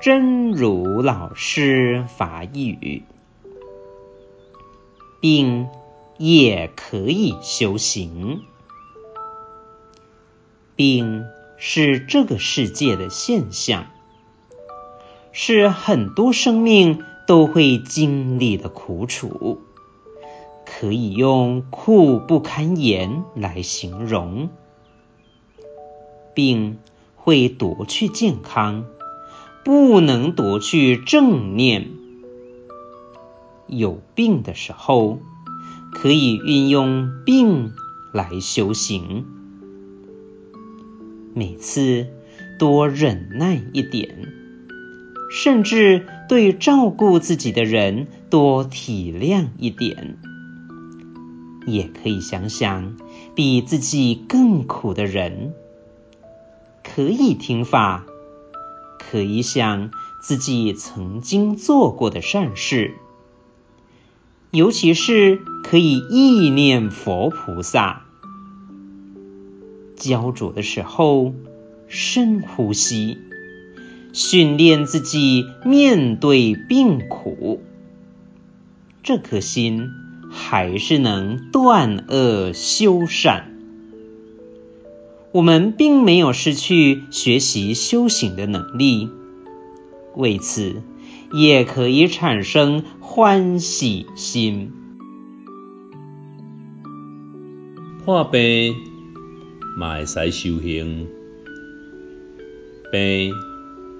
真如老師法語，病也可以修行。病是這個世界的現象，是很多生命都會經歷的苦楚，可以用“苦不堪言”來形容。病會奪去健康。不能奪去正念。有病的時候，可以運用病來修行。每次多忍耐一點，甚至對照顧自己的人多體諒一點，也可以想想比自己更苦的人，可以聽法。可以想自己曾經做過的善事，尤其是可以憶念佛菩薩。焦灼的時候，深呼吸，訓練自己面對病苦，這顆心還是能斷惡修善。我們並沒有失去學習修行的能力，為此也可以產生歡喜心。破病，也會使修行。病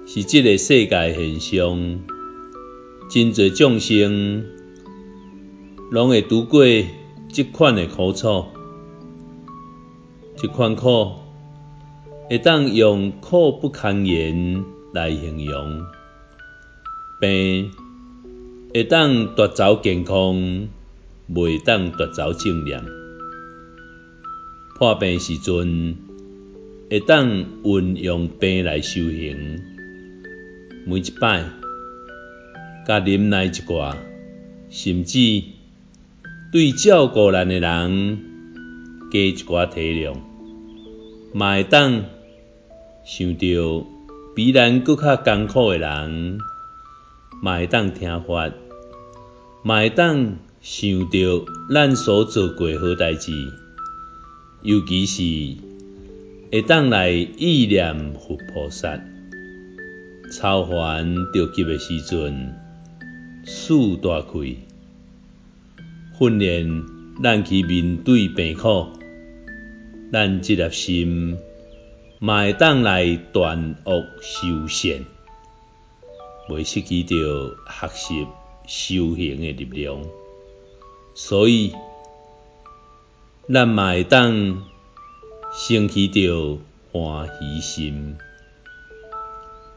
是這個世界現象，真濟眾生，都會度過這款的苦楚，這款苦。會當用，用“苦不堪言”來形容病。會當奪走健康，未當奪走正念。破病時陣，會當運用病來修行。每一擺，甲忍耐一寡，甚至對照顧咱個人，加一寡體諒，嘛會當，想着比咱閣較艱苦誒人，嘛會當聽法，嘛會當想着咱所做過誒好代志，尤其是會當來憶念佛菩薩，超凡著急誒時陣，樹大開，訓練咱去面對病苦，咱即粒心，賣當來斷惡修善，未失去着學習修行誒力量，所以咱賣當升起着歡喜心，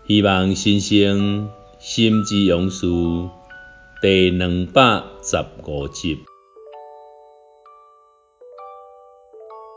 希望新生《心之勇士》第兩百十五集。